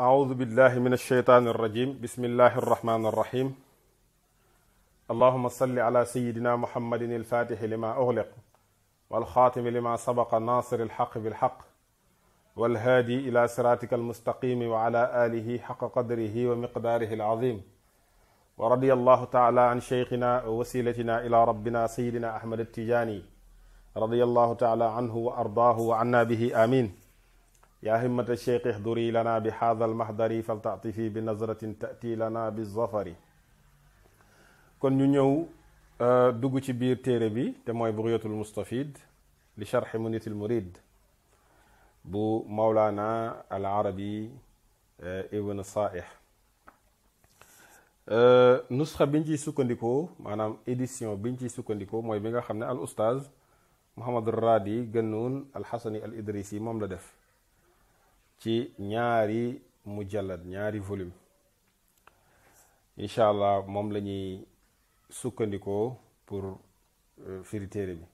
أعوذ بالله من الشيطان الرجيم بسم الله الرحمن الرحيم اللهم صل على سيدنا محمد الفاتح لما أغلق والخاتم لما سبق ناصر الحق بالحق والهادي إلى صراطك المستقيم وعلى آله حق قدره ومقداره العظيم ورضي الله تعالى عن شيخنا ووسيلتنا إلى ربنا سيدنا أحمد التجاني رضي الله تعالى عنه وأرضاه وعنا به آمين yaa himmata cheikh ihduri lana bi haadha almahdari faltatifi bi nazratin tati lana bi zafari kon ñu ñëw euh, dugg ci biir téere bi te mooy bugyatul mustafid li sharxi munitil murid bu mawlaana al arabi euh, ibn saaih euh, nusxa biñ ciy sukkandikoo maanaam édition biñ ciy sukkandikoo mooy bi nga xam ne al ustaaz muhammad radi gënnuun al xasani al idrisi moom la def ci ñaari mujallad ñaari volume incha allah moom la ñuy sukkandikoo pour euh, firi téere bi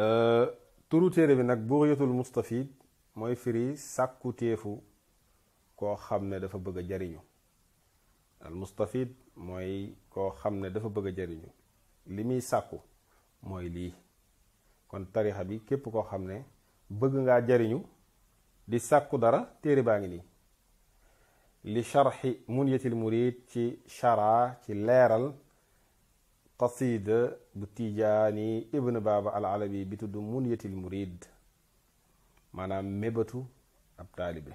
euh, turu téere bi nag bughyatul mustafid mooy firi sàkku koo xam ne dafa bëgg a jariñu al mustafid mooy koo xam ne dafa bëgg a jariñu li muy sàkku mooy lii kon tarixa bi képp koo xam ne bëgg ngaa jariñu di sàkku dara téere baa ngi nii li sharxi munyatil murid ci shara ci leeral qasida bu tijaani ibn baaba al alabi bi tudd munyatil murid maanaam mébatu ab taalibe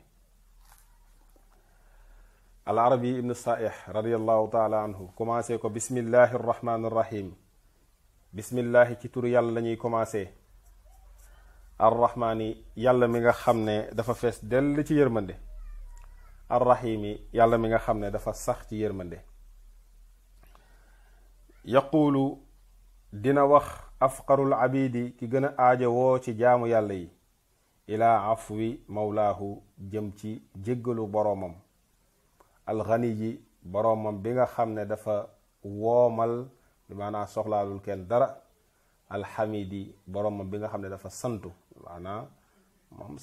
al arabi ibnu saih radiallahu taala anhu commencé ko bismillahi arrahmani arrahim bismillahi ci tur yàlla lañuy commencé arrahmaani yàlla mi nga xam ne dafa fees dell ci yërmande arrahimi yàlla mi nga xam ne dafa sax ci yërmande yaquulu dina wax afqarul abidi ki gën a aajo woo ci jaamu yàlla yi ilaa afwi mawlaahu jëm ci jéggalu boroomam alxani yi boroomam bi nga xam ne dafa woomal bi maanaa soxlaalul kenn dara alxamidi boroomam bi nga xam ne dafa santu maanaa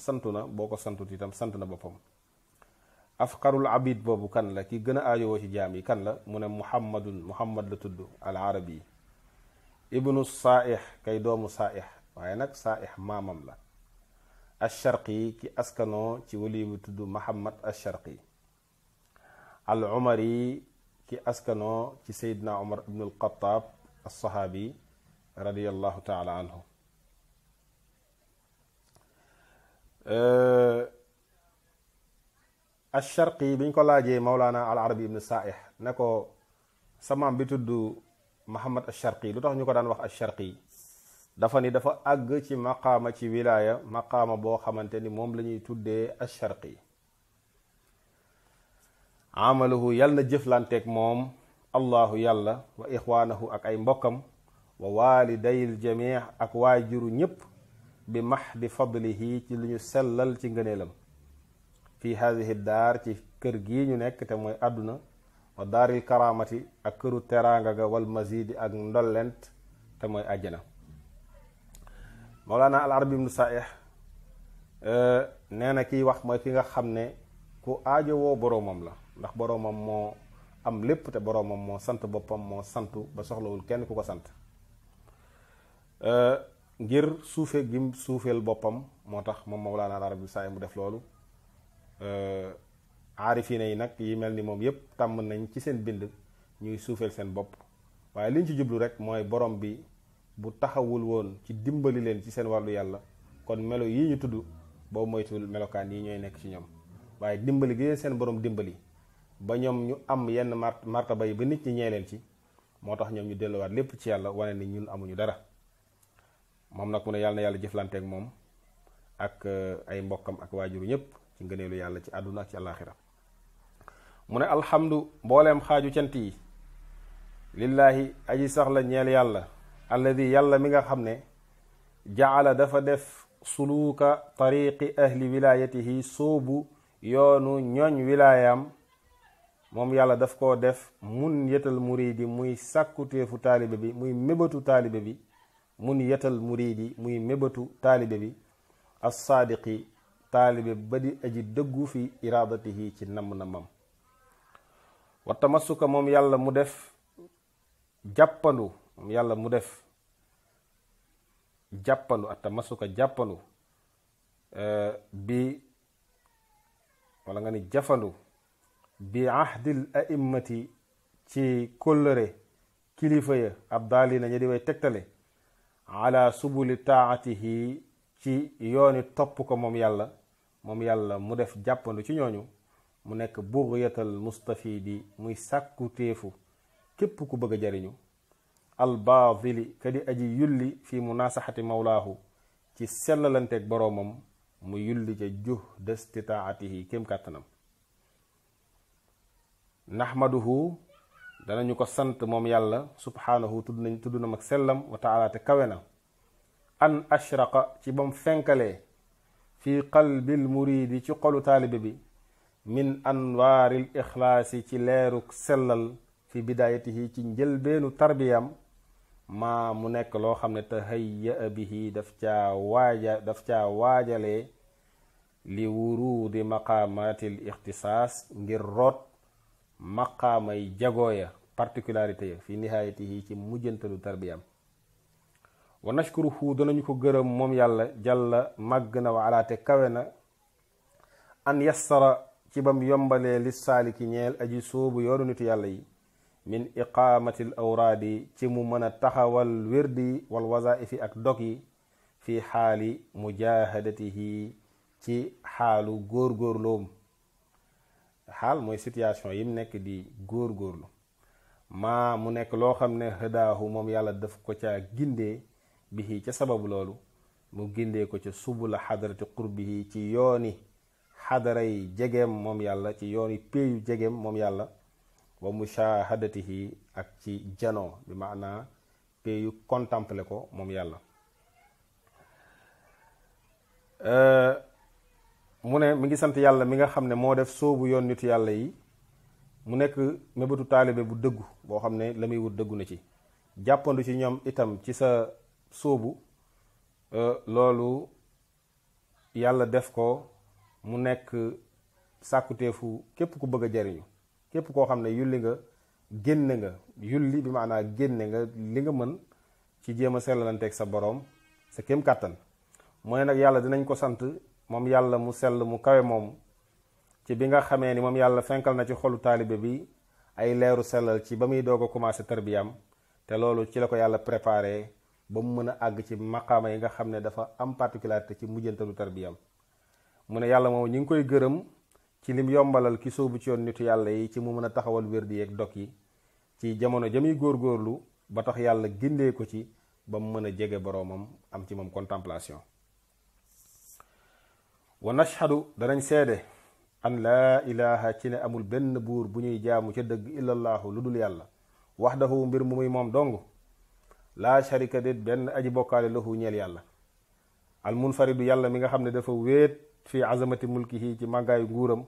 santu na boo ko santut itam sant na boppam afqarul abid boobu kan la ki gën a aajowoo ci jaam yi kan la mu ne muhammad la tudd al arabi ibnu saaih kay doomu saaih waaye nag saaih maamam la asharqi ki askanoo ci wali tudd muhammad asharqi al umari ki askanoo ci seydina umar ibnu alxataab alsahaabi radiallahu taala anhu Euh, alsharqi bi ñu ko laajee mawlaana al arabi ibnu saaih ne ko samaam bi tudd muhammad alsharqi lu tax ñu ko daan wax alsharqi dafa ni dafa àgg ci maqaama ci wilaaya maqaama boo xamante ni moom lañuy tuddee alsharqi amalahu yal na jëflanteeg moom allahu yàlla wa ixwaanahu ak ay mbokkam wa waalidayil jamii ak waajuru ñépp bi maxdi fadlihi ci lu ñu sellal ci ngëneelam fi haadihi daar ci kër gi ñu nekk te mooy àdduna wa daaril karaamati ak këru teraanga ga wal mazidi ak ndollent te mooy àjjana mawlaana al arabi ibnu saih eh, nee na kiy wax mooy ki nga xam ne ku aajowoo boroomam la ndax boroomam moo am lépp te boroomam moo sant boppam moo santu ba soxlawul kenn ku ko sant eh, ngir suufee gi suufeel boppam moo tax moom Mawlaana Arabi Saay mu def loolu euh, aarifine yi nag yi mel ni moom yépp tàmm nañ ci seen bind ñuy suufeel seen bopp waaye liñ ci jublu rek mooy borom bi bu taxawul woon ci dimbali leen ci seen wàllu yàlla kon melo yi ñu tudd boobu moytuwul melokaan yi ñooy nekk ci ñoom waaye dimbali gi leen seen borom dimbali ba ñoom ñu am yenn mart martaba yi ba nit ñi ñee leen ci moo tax ñoom ñu delluwaat lépp ci yàlla wane ni ñun amuñu dara moom nag mu ne yàlla yàlla jëflanteek moom ak euh, ay mbokkam ak waajuru ñépp ci ngëneelu yàlla ci àdduna ak ci àllaaxira mu ne alhamdu mbooleem xaaju cant yi lillaahi aji saxla ñeel yàlla alladi yàlla mi nga xam ne jaala dafa def suluuka tariqi ahli wilaayatihi soobu yoonu ñooñ wilaayaam moom yàlla daf koo def mun yetal muridi muy sàkkuteefu taalibe bi muy mébatu taalibe bi mun yetal muriidi muy mebetu taalibe bi assaadiqi taalibe ba di aji dëggu fi iraadatihi ci namm na mam moom yàlla mu def jàppandu moom yàlla mu def jàppandu at eh, bi wala nga ni jafandu bi ahdil aimmati ci kóllëre kilifa ya ab daali na di way tegtale ala subuli taatihi ci yooni topp ko moom yàlla moom yàlla mu def jàppandu ci ñooñu mu nekk bugyatal mustafidi muy sàkku téefu képp ku bëgg jariñu albaadili ka di aji yulli fi munasaxati mawlaahu ci sellalanteeg boroomam mu yulli ca juh destitaatihi kéem kàttanam naxmaduhu danañu ko sant moom yàlla subhaanahu tudd nañ tudd na mag sellam wa te kawe na an ashraqa ci bam fenkale fi qalbil muriidi ci xolu taalibe bi min anwaaril ixlaasi ci leeruk sellal fi bidaayatihi ci njëlbeenu tarbiyam maa mu nekk loo xam ne tahayya bihi daf ca waaja daf caa waajalee li wuruudi maqaamaatil ixtisaas ngir root maqaamay jagoo ya particularité ya fi nihaayatihi ci mujjantalu tarbiyaam wa nashkuruhu danañu ko gërëm moom yàlla jàlla màgg na wa alaate kawe na an yassara ci bam yombalee li saaliki ñeel aji sóobu yoonu nitu yàlla yi min iqaamati awraadi ci mu mën a taxawal wirdi wal wasaifi ak dog yi fi xaali mujaahadatihi ci xaalu góor-góorloom xaal mooy situation yi mu nekk di góor-góorlu maa mu nekk loo xam ne xëdaahu moom yàlla daf ko ca gindee bihi ca sababu loolu mu gindee ko ca subula xadarati qurbihi ci yooni xadara yi jegeem moom yàlla ci yooni yu jegeem moom yàlla wa mushahadatihi ak ci janoo bi maanaa péeyu contempler ko moom yàlla euh, mu ne mu ngi sant yàlla mi nga xam ne moo def sóobu yoon nitu yàlla yi mu nekk mébétu taalibe bu dëggu boo xam ne la muy wut dëggu na ci jàppandu ci ñoom itam ci sa sóobu euh, loolu yàlla def ko mu nekk sàkkuteefu képp ku bëgg a jariñu képp koo xam ne yulli nga génne nga yulli bi maanaa génne nga li nga mën ci jéem a sellalanteeg sa boroom sa kéem kàttan mu nag yàlla dinañ ko sant moom yàlla mu sell mu kawe moom ci bi nga xamee ni moom yàlla fenkal na ci xolu taalibe bi ay leeru sellal ci ba muy doog a commencé tarbiyam te loolu ci la ko yàlla préparé ba mu mën a àgg ci maqaama yi nga xam ne dafa am particularité ci mujjantalu tarbiyam mu ne yàlla moom ñu ngi koy gërëm ci lim yombalal ki sóobu ci yoon nitu yàlla yi ci mu mën a taxawal wér di yeeg dog yi ci jamono góor góorlu ba tax yàlla gindee ko ci ba mu mën a jege boroomam am ci moom contemplation wa nashhadu danañ seede an laa ilaha ci ne amul benn buur bu ñuy jaamu ca dëgg illallaahu lu dul yàlla waxdahu mbir mu muy moom dong laa sharika déet benn aji bokkaale lahu ñeel yàlla al munfaridu yàlla mi nga xam ne dafa wéet fi azamati mulkihi ci màggaayu nguuram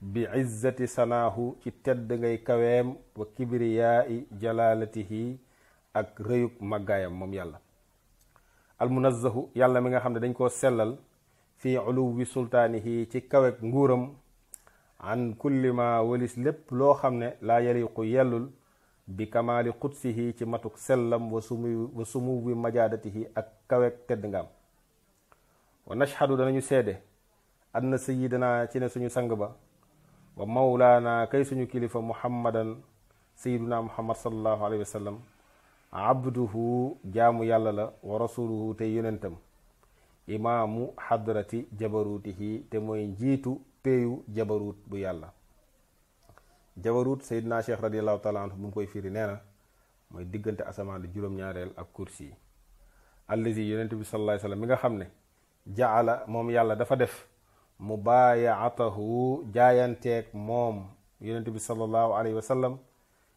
bi izzati sanaahu ci tedd ngay kaweem wa kibriyaai jalaalatihi ak rëyug màggaayam moom yàlla al yàlla mi nga xam ne dañ koo sellal fi uluwi sultaanihi ci kawek nguuram an kulli ma walis lépp loo xam ne laa yaliqu yellul bi kamaali qudsihi ci matuk sellam wa sumu majaadatihi ak kawek tedd ngaam wa nashhadu danañu seede anna sayidana ci ne suñu sang ba wa mawlaana kay suñu kilifa muhammadan sayiduna muhammad sallallahu alayhi wa abduhu jaamu yàlla la wa rasuluhu tey yonentam imaamu xadrati jabarutihi te mooy njiitu peeyu jabarut bu yàlla jabarut seydina cheikh radiallahu taala anhu mu koy firi nee mooy diggante asamaan lu juróom-ñaareel ak kursi yi allazi yonent bi sallallahu alayhi wasallam mi nga xam ne jaala moom yàlla dafa def mu baayaatahu jaayanteeg moom yonent bi sallallahu alayhi wasallam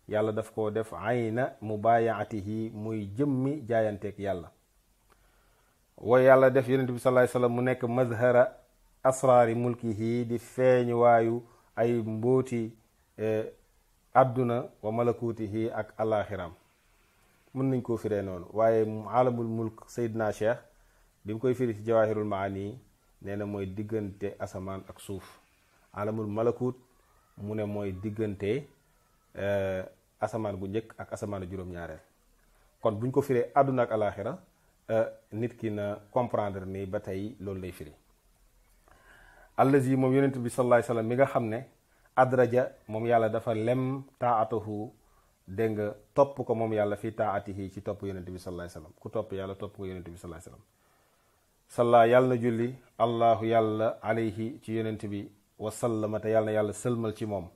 yàlla daf koo def ayna mu baayaatihi muy jëmmi jaayanteek yàlla way yàlla def yonent bi salaay mu nekk mazhara asraari mulkihi di feeñu waayu ay mbóoti àdduna eh, wa malakutihi ak alaxiram mën nañ koo firee noonu waaye alamul mulk Seydina Cheikh bi mu koy firi ci jawahirul maani nee na mooy diggante asamaan ak suuf alamul malakut mu ne mooy diggante eh, asamaan bu njëkk ak asamaan juróom-ñaareel kon buñ ko firee àdduna ak alaxira Euh, nit ki na comprendre ni ba tey loolu lay firi allazi moom yonent bi sallallahu alayhi mi nga xam ne adraja moom yàlla dafa lem taatahu dégg nga topp ko moom yàlla fi taatihi ci topp yonent bi sallallahu alayhi wasallam topp yàlla topp ko yonent bi sallallahu yàlla na julli allahu yàlla alayhi ci yonent bi wasallama te yàlla yàlla sëlmal ci moom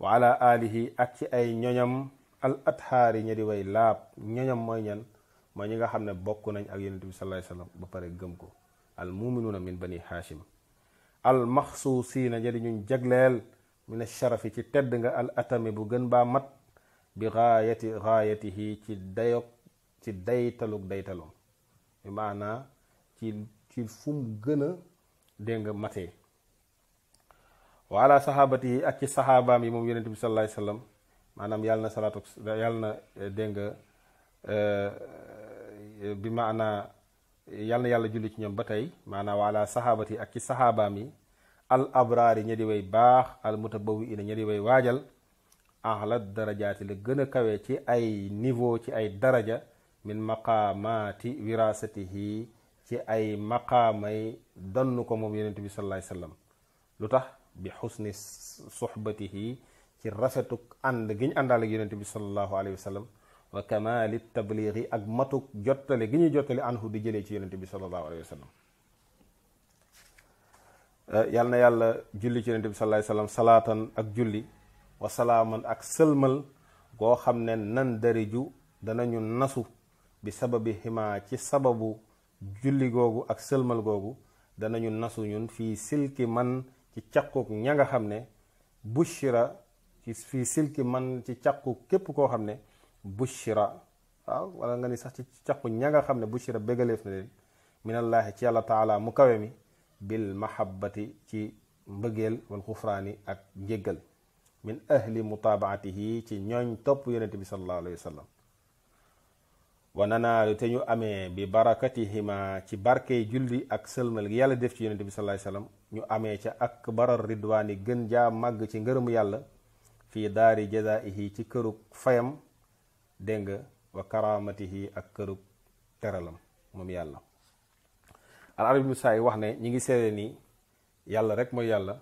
wa ala alihi ak ci ay ñoñam al athaari ña di way laab ñoñam mooy ñan mooy ñi nga xam ne bokk nañ ak yonent bi sallallahu alayhi ba pare gëm ko al muminuuna min bani haashim al maxsuusiina jadi ñuñ jagleel sharafi ci tedd nga al bu gën baa mat bi gaayati gaayatihi ci dayog ci daytalug daytalum bi maanaa ci ci fu mu gën nga matee wa ala saxaabati yi ak ci saxaabaam yi moom yonent bi sallallahu alayhi maanaam yàlla na salaatu yàlla na dégg bi maanaa yàlla yàlla julli ci ñoom ba tey maanaa waala saxaabati ak ci saxaabaam yi al abraari yi di way baax al mutabawiina ña di way waajal ahla darajaati la gën a kawe ci ay niveau ci ay daraja min maqaamaati wirasatihi ci ay maqaamay donn ko moom yonent bi sallallahu alayhi lu tax bi xusni suxbatihi ci rafetuk ànd gi ñu àndaal ak yonent bi sallallahu alayhi wa kamaali tabliixi ak matuk jottale gi ñuy jottale anhu di jëlee ci yonente bi sallallahu alayhi wa sallam eh, na yàlla julli ci yonente bi salaatan ak julli wa salaaman ak sëlmal goo xam ne nan dariju ñu nasu bi sababi ximaa ci sababu julli googu ak sëlmal googu danañu nasu ñun fii silki man ci caquk ña nga xam ne bushira fii silki man ci caquk képp koo xam ne bushira waaw wala nga ni sax ci caqu ña nga xam ne bushira bégaleef na leen minallaahi ci yàlla taala mu kawe mi bil mahabbati ci mbëggeel wal xufraani ak njéggal min ahli yi ci ñooñ topp yonente bi sallallahu alayhi wa sallam wa te ñu amee bi barakatihima ci barkey julli ak sëlmal gi yàlla def ci yonente bi sallallahu alayhi ñu amee ca ak barar ridwaani gën jaa màgg ci ngërëmu yàlla fii daari jazaihi ci kërug fayam dégg nga wa yi ak këru teralam moom yàlla al arabi saa wax ne ñi ngi seede ni yàlla rek mooy yàlla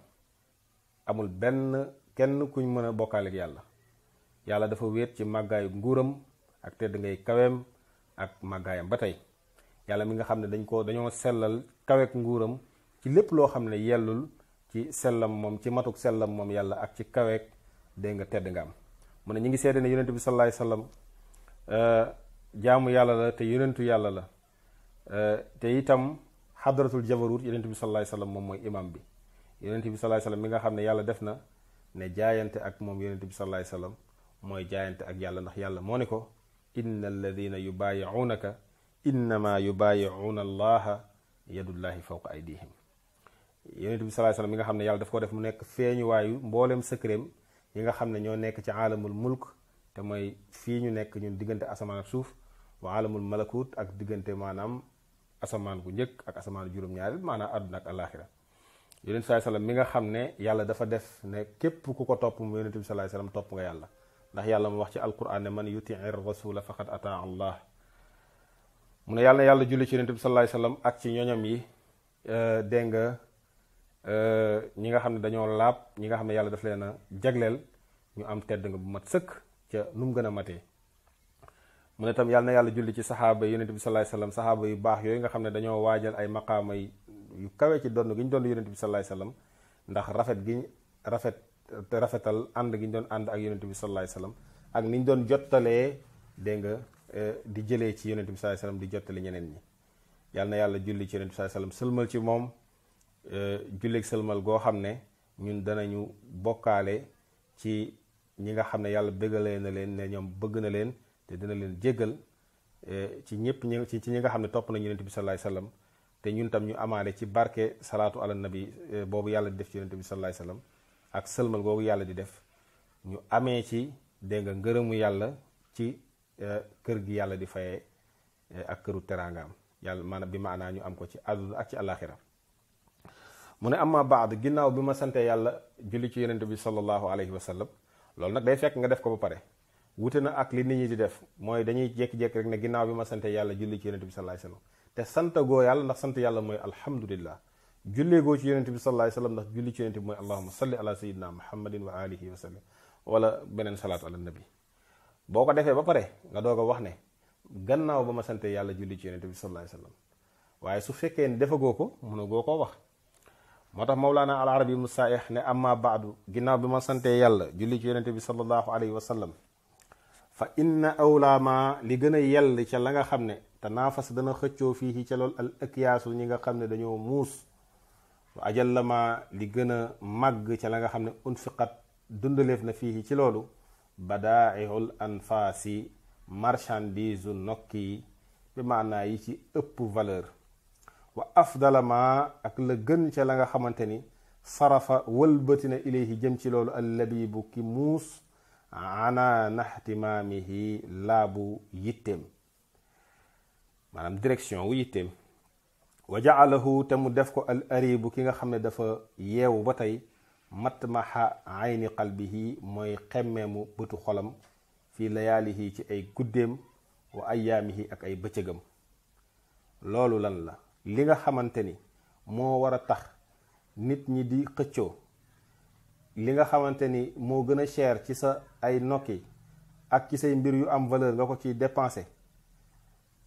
amul benn kenn kuñ mën a bokkaale yàlla yàlla dafa wéet ci màggaayu nguuram ak tedd ngay kaweem ak màggaayam ba tey yàlla mi nga xam ne dañ ko dañoo sellal kaweek nguuram ci lépp loo xam ne yellul ci sellam moom ci matuk sellam moom yàlla ak ci kaweek dégg nga tedd nga am mu ne ñu ngi seede ne yonent bi sallallahu alayhi wasallam euh, jaamu yàlla la te yonentu yàlla la euh, te itam xadratul jabarut yonent bi sallallahu alayhi moom mooy imam bi yonent bi sallallahu alayhi mi nga xam ne yàlla def na ne jaayante ak moom yonent bi sallallahu alayhi mooy jaayante ak yàlla ndax yàlla moo ne ko inna alladina yubaayicuunaka innama yubaayicuuna allaha yadullahi fawqa aydihim yonent bi sallallahu alayhi wasallam mi nga xam ne yàlla daf ko def mu nekk feeñuwaayu mbooleem sëkkëreem yi nga xam ne ñoo nekk ci aalamul mulk te mooy fii ñu nekk ñun diggante asamaan ak suuf wa aalamul malakut ak diggante maanaam asamaan gu njëkk ak asamaan juróom-ñaari maanaam àdduna ak alaaxira yonent saai sallam mi nga xam ne yàlla dafa def ne képp ku ko topp mu yonent bi saai topp nga yàlla ndax yàlla mu wax ci alquran ne man yutii rasula faqad ataa allah mu ne yàlla na yàlla julli ci yonent bi saai sallam ak ci ñoñam yi euh, dégg Euh, ñi nga xam ne dañoo laab ñi nga xam ne yàlla daf leen a jagleel ñu am tedd nga bu mat sëkk ca nu mu gën a matee mu ne tam yàlla yàlla julli ci saxaaba yi yonente bi salaay sallam saxaaba yu baax yooyu nga xam ne dañoo waajal ay maqaama yu kawe ci donn gi ñu doon yonente bi salaay sallam ndax rafet gi rafet rafetal ànd gi ñu doon ànd ak yonente bi salaay sallam ak ni ñu doon jottalee dégg nga euh, di jëlee ci yonente bi salaay sallam di jottali ñeneen ñi yàlla na yàlla julli ci yonente bi salaay sallam ci moom Euh, julleeg sëlmal goo xam ne ñun ñu bokkaale ci ñi nga xam ne yàlla bëggalee na leen ne ñoom bëgg na leen te dina leen jéggal euh, ci ñëpp ñi ci ñi nga xam ne topp nañu yonent bi salaay sallam te ñun tam ñu amaale ci barke salaatu ala nabi euh, boobu yàlla di def ci yonent bi salaay sallam ak sëlmal googu yàlla di def ñu amee ci dégg nga ngërëmu yàlla ci kër gi yàlla di fayee ak këru teraangaam yàlla maanaam bi maanaa ñu am ko ci àdduna ak ci àllaaxira mu ne amma baad ginnaaw bi ma sante yàlla julli ci yonente bi sallallahu alayhi wa loolu nag day fekk nga def ko ba pare wute na ak li nit ñi di def mooy dañuy jékki-jékki rek ne ginnaaw bi ma santee yàlla julli ci yonente bi sallallahu alayhi wa sallam te sant goo yàlla ndax sant yàlla goo ci yonente bi sallallahu alayhi wa sallam ndax julli ci yonente bi mooy allahuma salli ala sayidina muhammadin wa alihi wa sallam wala beneen salaatu ala boo ko defee ba pare nga doog a wax ne gannaaw ba ma sante yàlla julli ci yonente bi sallallahu alayhi wa sallam ko wax moo tax moom laa mawlaana al mu musaaih ne amaa baadu ginnaaw bi ma santee yàlla julli ci yonente bi salallahu alayhi wa sallam fa inna awlaa ma li gën a yell ca la nga xam ne te naafas dana xëccoo fii ca lool al ëkiyaasu ñi nga xam ne dañoo muus wa ajal la ma li gën a màgg ca la nga xam ne unfiqat dundaleef na fii ci loolu badaaihul anfaasi marchandise nokki bi maanaa yi ci ëpp valeur wa afdala ma ak la gën ca la nga xamante ni sarafa wëlbatina ilayhi jëm ci loolu allabibu ki muus ana naxtimaamihi laabu yitteem maanaam direction wu yitteem wa jaalahu te mu def ko al aribu ki nga xam ne dafa yeewu ba tey matmaxa ayni qalbihi mooy xemmeemu bëtu xolam fi layaalihi ci ay guddeem wa ayaamihi ak ay bëccëgam loolu lan la li nga xamante ni moo war a tax nit ñi di xëccoo li nga xamante ni moo gën a cher ci sa ay nokki ak ci say mbir yu am valeur nga ko ci dépenser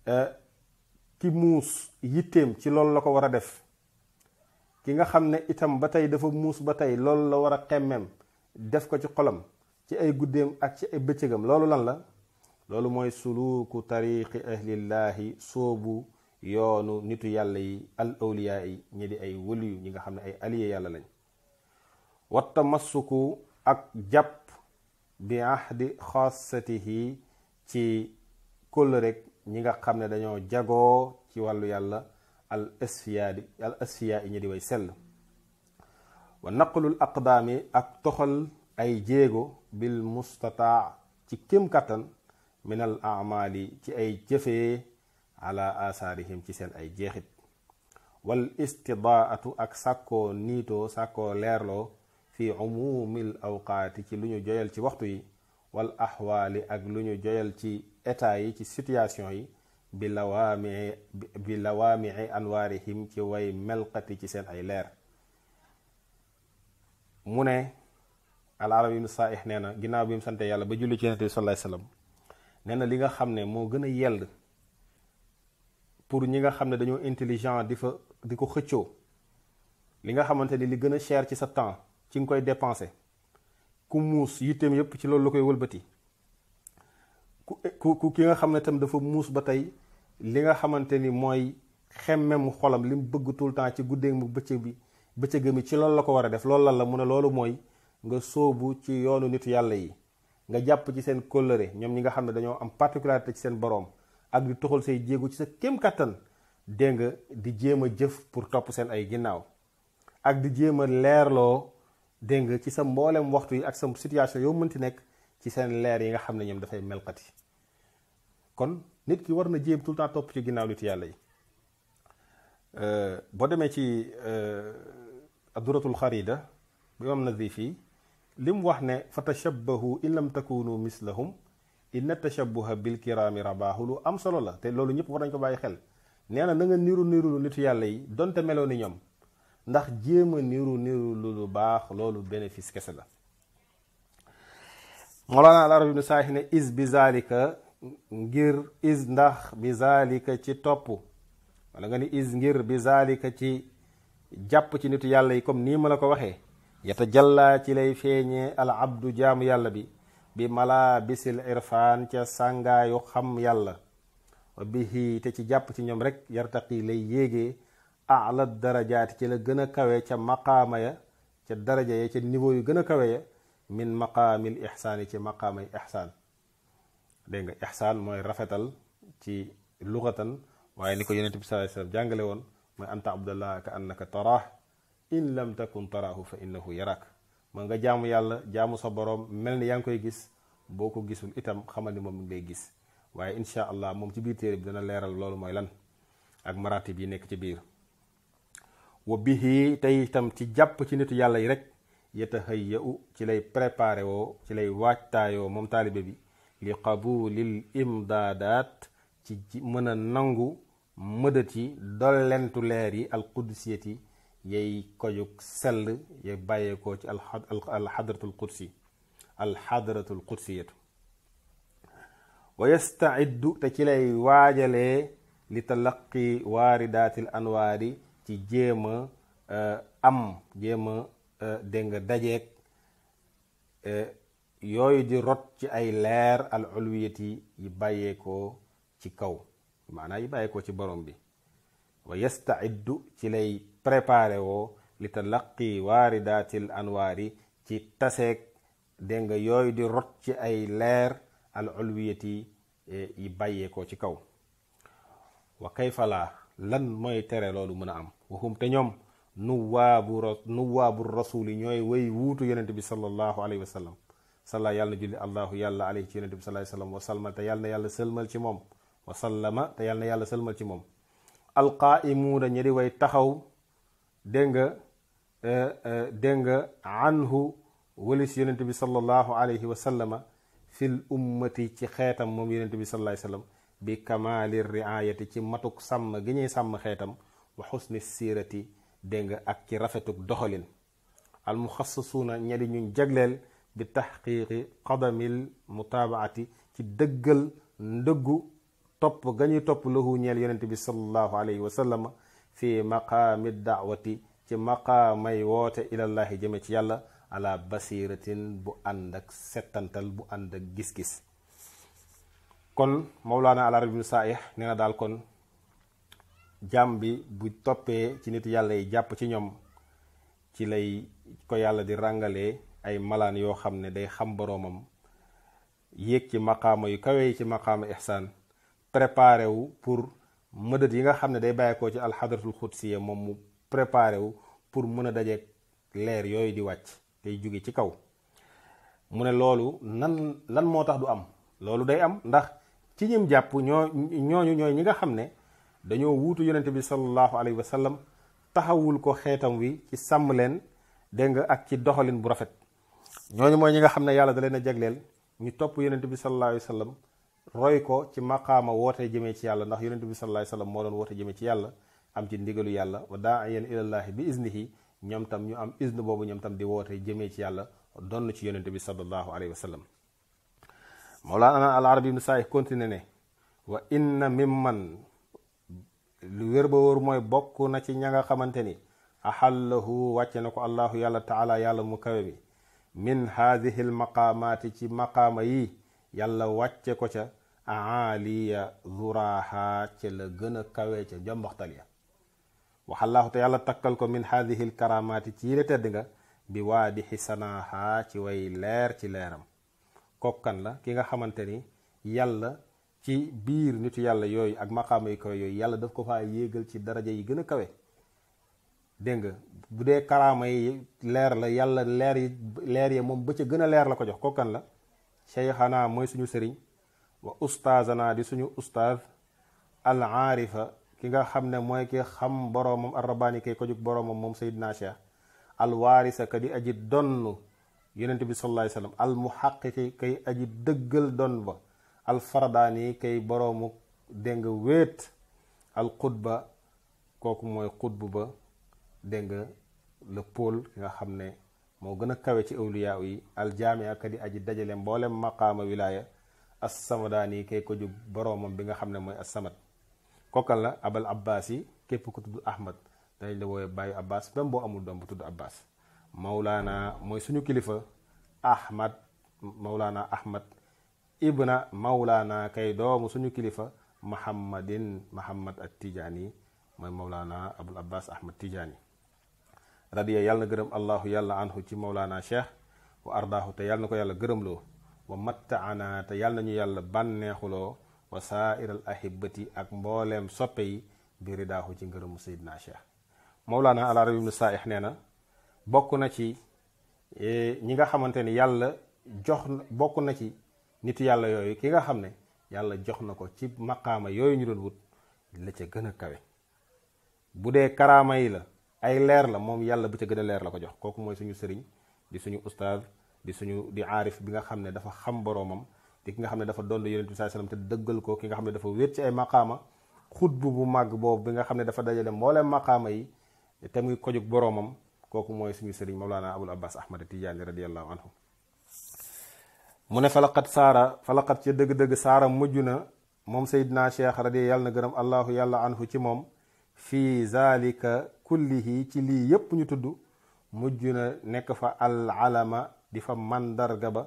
euh, ki muus yitteem ci loolu la ko war a def ki nga xam ne itam ba tey dafa muus ba tey loolu la war a xemmeem def ko ci xolam ci ay guddeem ak ci ay bëccëgam loolu lan la loolu mooy suluuku tariqi ahlillaahi soobu yoonu nitu yàlla yi al awliyaa yi ñi di ay wëliyu ñi nga xam ne ay allié yàlla lañ wa tamassuku ak jàpp bi ahdi xaasatihi ci kull ñi nga xam ne dañoo jagoo ci wàllu yàlla al asfiyaa al asfiyaa yi ñi di way sell wa naqlul aqdaami ak toxal ay jéego bil mustataa ci kem kàttan min al amaali ci ay jëfee ala asaarihim ci seen ay jeexit wal istidaatu ak sàkkoo niitoo sàkkoo leerloo fi umumil awqaati ci lu ñu joyal ci waxtu yi wal axwaali ak lu ñu joyal ci état yi ci situation yi bi lawaamii bi lawaamii anwaarihim ci way melqati ci seen ay leer mu ne al arabi ibnu saaih nee na ginnaaw bi mu sante yàlla ba julli ci yonent bi sallallahu alayhi wasallam na li nga xam ne moo gën a yell pour ñi nga xam ne dañoo intelligent di fa di ko xëccoo li nga xamante ni li gën a cher ci sa temps ci nga koy dépenser ku muus yitteem yépp ci loolu la koy walbati ku ku ki nga xam ne tam dafa muus ba tey li nga xamante ni mooy xemmem xolam li mu bëgg tout temps ci guddee mu bëccëg bi bëccëgam yi ci loolu la ko war a def loolu lan la mu ne loolu mooy nga sóobu ci yoonu nit yàlla yi nga jàpp ci seen kóllëre ñoom ñi nga xam ne dañoo am particularité ci seen boroom ak di toxal say jéego ci sa kem kàttan dégg nga di jéem a jëf pour topp seen ay ginnaaw ak di jéem a leerloo dégg nga ci sa mboolem waxtu yi ak sa situation yow mënti nekk ci seen leer yi nga xam ne ñoom dafay melkati kon nit ki war na jéem tout topp ci ginnaaw nit yàlla yi euh, boo demee ci adduratul euh, xarida bu imam nazif yi li mu wax ne fa tashabbahu in lam takunu mislahum inna tashabuha bil kiraami rabaahu lu am solo la te loolu ñëpp war nañ ko bàyyi xel nee na na nga niru lu nitu yàlla yi donte meloo ni ñoom ndax jéem a niru niru lu baax loolu bénéfice kese la Mawlana al-Arabi ibnu Saahi ne is bi zalika ngir is ndax bi zalika ci topp wala nga ni is ngir bi zalika ci jàpp ci nitu yàlla yi comme nii ma la ko waxee yata jàllaa ci lay feeñee al abdu jaamu yàlla bi bi malaa irfaan ca sàngaayu xam yàlla wa ci jàpp ci ñoom rek yartaqi lay yéegee ala darajaati ci la gën a kawe ca maqaama ya ca daraja ya ca niveau yu gën a kawe ya min maqaamil ixsaani ci maqaamay ixsaan dégg nga ixsaan mooy rafetal ci luxatan waaye ni ko yonent bi sallallahu alayhi wasallam jàngale woon mooy anta abdallah ka annaka taraah in lam takun taraahu fa innahu yaraak man nga jaamu yàlla jaamu sa boroom mel ni yaa ngi koy gis boo ko gisul itam xamal ni moom lay gis waaye incha allah moom ci biir téere bi dana leeral loolu mooy lan ak maratib yi nekk ci biir wa bihi tey itam ci jàpp ci nitu yàlla yi rek yeta xëy ya ci lay préparé woo ci lay waajtaayoo moom taalibe bi li qabulil imdaadaat ci mën a nangu mëdët yi dollentu leer yi alqudusiyat yi yay koyug sell ya bàyyeekoo ci alxadratul qudsi alxadratul qudsiyatu wa yastaiddu te ci lay waajale li talaqi waaridaatil anwaari ci jéema e, am jéema e, dégg nga dajeeg e, yooyu di rot ci ay leer al ulwiyati yi bàyyeekoo ci kaw maanaa yi bàyyeekoo ci borom bi wa yastaiddu ci lay préparé woo li talaqi waaridaatil anwaari ci taseeg dégg nga yooyu di rot ci ay leer al ulwiyati e, yi bàyyeekoo ci kaw wa kayfa laa lan mooy tere loolu mën a am waxum te ñoom nuwaabu nuwaabu rasuul yi ñooy way wuutu yonente bi sallallahu alayhi wa sallam salla yàlla na julli allahu yàlla alayhi ci yonente bi sallallahu alayhi wa sallam te yàlla na yàlla sëlmal ci moom wa sallama te yàlla yàlla sëlmal ci moom alqaa'imuuna ña di way taxaw dégg nga euh, euh, dégg nga anhu walis yonent bi sallallahu alayhi wa sallama fil ummati ci xeetam moom yonent bi sallallahu alayhi bi kamaali riayati ci matuk sàmm gi ñuy sàmm xeetam wa xusni siirati dégg nga ak ci rafetuk doxalin al muxassasuuna ñadi ñuñ jagleel bi taxqiiqi qadamil mutaabaati ci dëggal ndëggu topp ga ñuy topp lahu ñeel yonent bi sallallahu alayhi wa sallama fi maqaami daawati ci maqaamay woote ilallahi jëme ci yàlla ala basiratin bu ànd ak settantal bu ànd ak gis-gis kon mawlaana al arabi saaih nee na daal kon jàmm bi bu toppee ci nit yàlla yi jàpp ci ñoom ci lay ko yàlla di ràngalee ay malaan yoo xam ne day xam boroomam yéeg ci maqaama yu kawe yi ci maqaama ihsaan préparé pour mëdët yi nga xam ne day bàyyeekoo ci alxadratul xudsiya moom mu préparé wu pour mën a dajeeg leer yooyu di wàcc tey jóge ci kaw mu ne loolu nan lan moo tax du am loolu day am ndax ci ñim jàpp ñoo ñooñu ñooy ñi nga xam ne dañoo wuutu yonente bi sallallahu alayhi wa sallam taxawul ko xeetam wi ci sàmm leen dégg nga ak ci doxalin bu rafet ñooñu mooy ñi nga xam ne yàlla da leen a jagleel ñu topp yonente bi sallallahu alayhi wa sallam roy ko ci maqaama wootee jëmee ci yàlla ndax yonent bi sallallahu alayhi wasallam moo doon woote jëmee ci yàlla am ci ndigalu yàlla wa daaiyan ilallahi bi iznihi ñoom tam ñu am izn boobu ñoom tam di woote jëmee ci yàlla donn ci yonent bi sallallahu alayhi wasallam mawlaana al arabi ibnu saay continue ne wa inna man lu wér ba wër mooy bokk na ci ña nga xamante ni axallahu wàcce na ko allahu yàlla taala yàlla mu kawe bi min haadihi al maqaamaati yi yàlla wàcce ko ca aaliya zuraaha ca la gën a kawe ca jombaxtal ya waxallaahu te yàlla takkal ko min haadihi lkaramaati ci yile tedd nga bi waadixi sanaaha ci way leer ci leeram kokkan la ki nga xamante ni yàlla ci biir nit yàlla yooyu ak maqaama yu kawe yooyu yàlla daf ko faa yéegal ci daraja yi gën a kawe dégg nga bu dee karaama yi leer la yàlla leer yi leer ya moom ba ca gën a leer la ko jox kokkan la sheyxanaa mooy suñu sëriñ wa ustaazanaa di suñu ustaaz al aarifa ki nga xam ne mooy ki xam boroomam arrabaani kay ko jug boroomam moom sayidna cheikh al waarisa ka di aji donn yonent bi sallallahu alayhi wasallam al muhaqiqi kay aji dëggal donn ba al faradaani kay boroomu dénga wéet al qutba kooku mooy qutb ba dénga le pôle ki nga xam ne moo gën a kawe ci awliyaaw yi aljaamia ka di aji dajale mboolem maqaam maqaama wilaaya assamadaani kay ko jub bi nga xam ne mooy assamad kokkal la abal abbas képp ku tudd ahmad dañ la wooye bàyyi abbas même boo amul doom bu tudd abbas mawlaana mooy suñu kilifa ahmad mawlaana ahmad ibna mawlaana kay doomu suñu kilifa muhammadin muhammad at tijaani mooy mawlaana abul abbas ahmad tijaani radiya yàlla na gërëm allahu yàlla anhu ci mawlaana cheikh wa ardaahu te yàlla na ko yàlla gërëmloo wa mattaana te yàlla nañu yàlla bànneexuloo wa saairal ahibati ak mbooleem soppe yi bi ridaahu ci ngërëmu sayidna cheikh mawlaana al arabi nee na bokk na ci e, ñi nga xamante ni yàlla jox bokk na ci nit yàlla yooyu ki nga xam ne yàlla jox na ko ci maqaama yooyu ñu doon wut la ca gën a kawe bu dee karaama yi la ay leer la moom yàlla bu ca gën leer la ko jox kooku mooy suñu sëriñ di suñu ustaaz di suñu di aarif bi nga xam ne dafa xam boroomam di ki nga xam ne dafa doon yonent bi sallam dëggal ko ki nga xam ne dafa wéet ci ay maqaama xutbu bu màgg boobu bi nga xam ne dafa dajale mbooleem maqaama yi te muy kojug boroomam kooku mooy suñu sëriñ mawlaana abul abbas ahmad tijaani radiallahu anhu mu ne falaxat saara falaxat ci dëgg-dëgg saara mujj na moom naa cheikh radi yàlla na gërëm allahu yàlla anhu ci moom fi zalika kullihi ci lii yépp ñu tudd mujj na nekk fa al alama di fa màndarga ba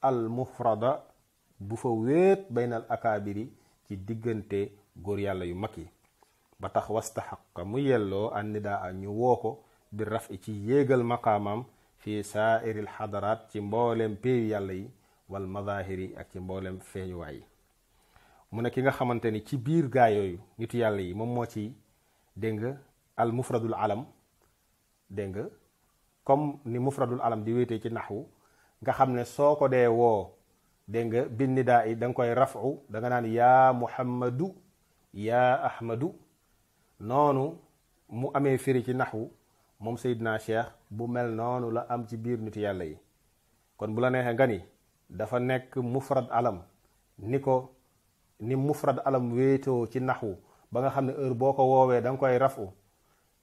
al mufrada bu fa wéet baynal akaabiri ci diggante góor yàlla yu mag yi ba tax wastaxaqa mu yelloo annidaa ñu woo ko bi raf i ci yéegal maqaamam fi saairi alxadaraat ci mbooleem péeyu yàlla yi wal madahiri ak ci mboolem feeñuwaay yi mu ne ki nga xamante ni ci biir gaa yooyu yàlla yi moom moo ci dégg nga al mufradul alam dégg nga comme ni mufradul alam di wéetee ci naxwu nga xam ne soo ko dee woo dégg nga bin nidaa danga koy rafu danga naan yaa muhammadu yaa ahmadu noonu mu amee firi ci naxwu moom na Cheikh bu mel noonu la am ci biir nitu yàlla yi kon bu la neexee nga ni dafa nekk mufrad alam ni ko ni mufrad alam wéetoo ci naxwu ba nga xam ne heure boo ko woowee da koy rafu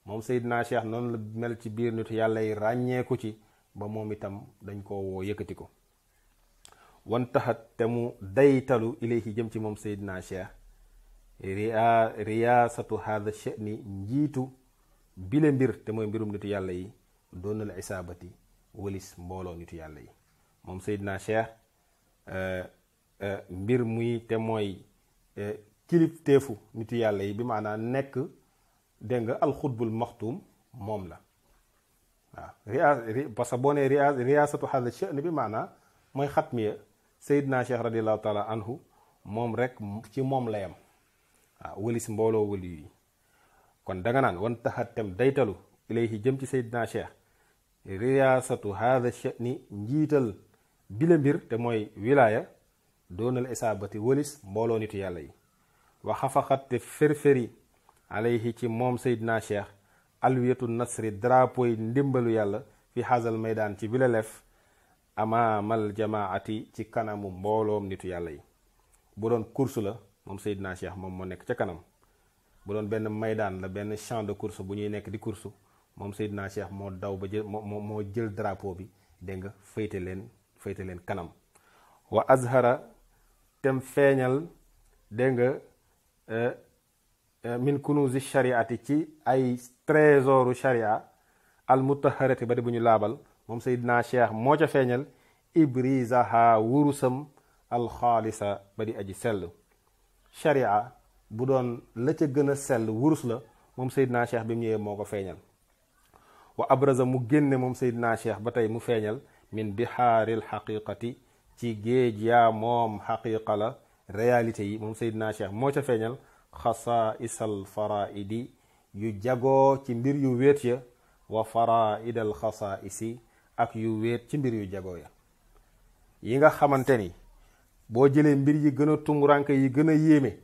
moom Seydina Cheikh noonu la mel ci biir nit yàlla yi ràññeeku ci ba moom itam dañ koo woo yëkkati ko wantaxat taxat te mu daytalu ilayhi jëm ci moom Seydina Cheikh riyaa riyaasatu hadha sha'ni njiitu bile mbir te mooy mbirum nitu yàlla yi doon na la isaabati wëlis mbooloo nitu yàlla yi moom Seydina Cheikh eh, eh, mbir muy te mooy eh, kilif teefu nitu yàlla yi bi maanaam nekk dégg nga alxutbul maxtuum moom la waaw riyaas parce que boo nee riyaas riyaasatu xaal sha'ni bi maanaam mooy xatmiya Seydina Cheikh radiallahu taala anhu moom rek ci moom la yam waaw wëlis mbooloo wëli yi kon danga naan wan taxat tem daytalu jëm ci Seydina Cheikh riyaasatu haada sha'ni njiital bi la mbir te mooy wilaaya doonal isaabati wëlis mbooloo nitu yàlla yi wa xafaxat te férféri alayhi ci moom Seydina Cheikh alwiyatu nasri drapeau yi ndimbalu yàlla fi xaasal maydaan ci bile lef amaamal jamaati ci kanamu mbooloom nitu yàlla yi bu doon course la moom Seydina Cheikh moom moo nekk ca kanam bu doon benn maydaan la benn champ de course bu ñuy nekk di course moom na Cheikh moo daw ba jël moo moo jël drapeau bi dégg nga fayte leen fayte leen kanam wa azhara tem feeñal dégg Eh, eh, min kunuuzi shariati ci ay trésoru sharia al mutaharati ba di bu ñu laabal moom Seydina Cheikh moo ca feeñal ibrisaha wurusam alxaalisa ba di aji sell sharia bu doon la ca gën a sell wurus la moom Seydina Cheikh bi mu ñëwee moo ko feeñal wa abraza mu génne moom Seydina Cheikh ba tey mu feeñal min bihaaril xaqiqati ci géej yaa moom xaqiqa la réalité yi moom Seydina Cheikh moo ca feeñal xasaisal faraidi yu jagoo ci mbir yu wéet ya wa faraidal xasaisi ak yu wéet ci mbir yu jagoo ya yi nga xamante ni boo jëlee mbir yi gën a tumuranke yi gën a yéeme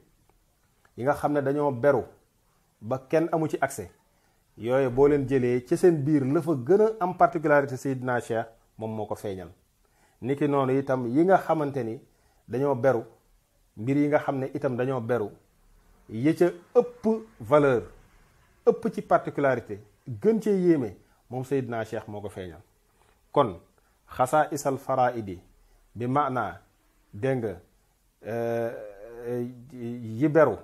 yi nga xam ne dañoo beru ba kenn amu ci accès yooyu boo leen jëlee ci seen biir la fa gën a am particularité Seydina Cheikh moom moo ko feeñal niki noonu itam yi nga xamante ni dañoo beru mbir yi nga xam ne itam dañoo beru yë ca ëpp valeur ëpp ci particularité gën cee yéeme moom Seydina Cheikh moo ko feeñal kon xasaa isal faraidi bi maanaa dégg nga eh, yi beru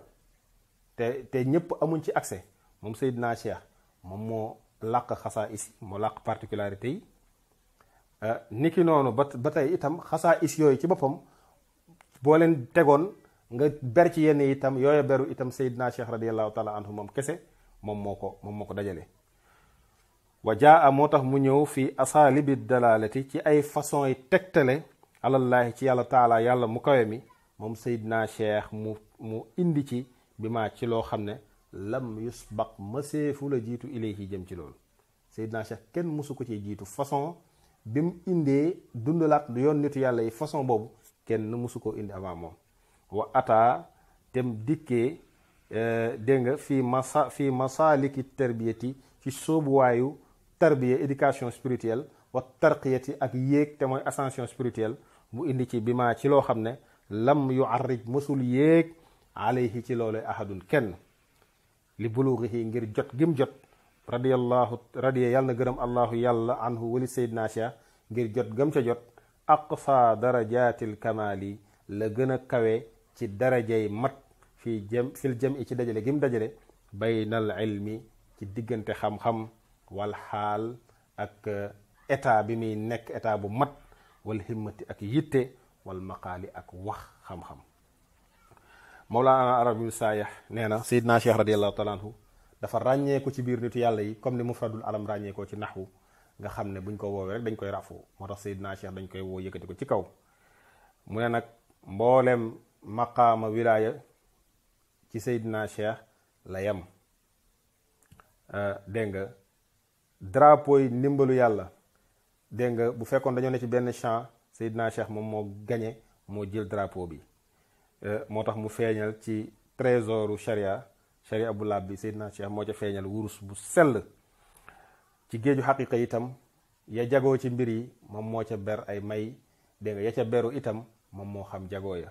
te te ñépp amuñ ci accès moom Seydina Cheikh moom moo làq xasaa is moo làq particularité yi eh, niki noonu ba ba tey itam xasaa is yooyu ci boppam boo leen tegoon nga ber ci yenn itam yooya beru itam seyd na Cheikh radiallahu taala anhu moom kese moom moo ko moom moo ko dajale wa jaa moo tax mu ñëw fii asaalibi dalalati ci ay façon yi tegtale alallaahi ci yàlla taala yàlla mu kawe mi moom Seydina Cheikh mu mu indi ci bi maa ci loo xam ne lam yusbaq maseefu la jiitu ilayhi jëm ci loolu Seydina Cheikh kenn mësu ko ci jiitu façon bi mu indee dundalaat yoon nitu yàlla yi façon boobu kenn mosu koo indi avant moom wa ata tem dikkee eh, dégg nga fii masa fii masaaliki tarbiyati ci soobuwaayu tarbiya éducation spirituelle wa tarqiyati ak yéeg te mooy ascension spirituelle mu indi ci bi maa ci loo xam ne lam yu arrij mësul yéeg alayhi ci loole ahadun kenn li buluuxihi ngir jot gim jot radiyallahu radiya yàlla na gërëm allahu yàlla anhu wali sayyidina Cheikh ngir jot gëm ca jot aqsa darajaatil kamaali la gën a kawe ci darajay mat fii jëm fil jëm i ci dajale gim dajale baynal ilmi ci diggante xam-xam wal xaal ak uh, état bi muy nekk état bu mat wal himmati ak yitte wal maqaali ak wax xam-xam Mawlaana Arabi Saayax nee na Seydina Cheikh radiallahu taala anhu dafa ràññeeku ci biir nitu yàlla yi comme ni mufradul alam ràññeekoo ci naxwu nga xam ne buñ ko woowee rek dañ koy rafu moo tax Seydina Cheikh dañ koy woo yëkkati ko ci kaw mu ne nag mboolem maqaama wilaaya ci Seydina Cheikh la yem euh, dégg nga drapeau yi ndimbalu yàlla dégg nga bu fekkoon dañoo ne ci benn champ Seydina Cheikh moom moo gañe moo jël drapeau bi euh, moo tax mu feeñal ci trésoru sharia sharia bu laab bi Seydina Cheikh moo ca feeñal wurus bu sell ci géeju xaqiqa itam ya jagoo ci mbir yi moom moo ca ber ay may dégg ya ca beru itam moom moo xam jagoo ya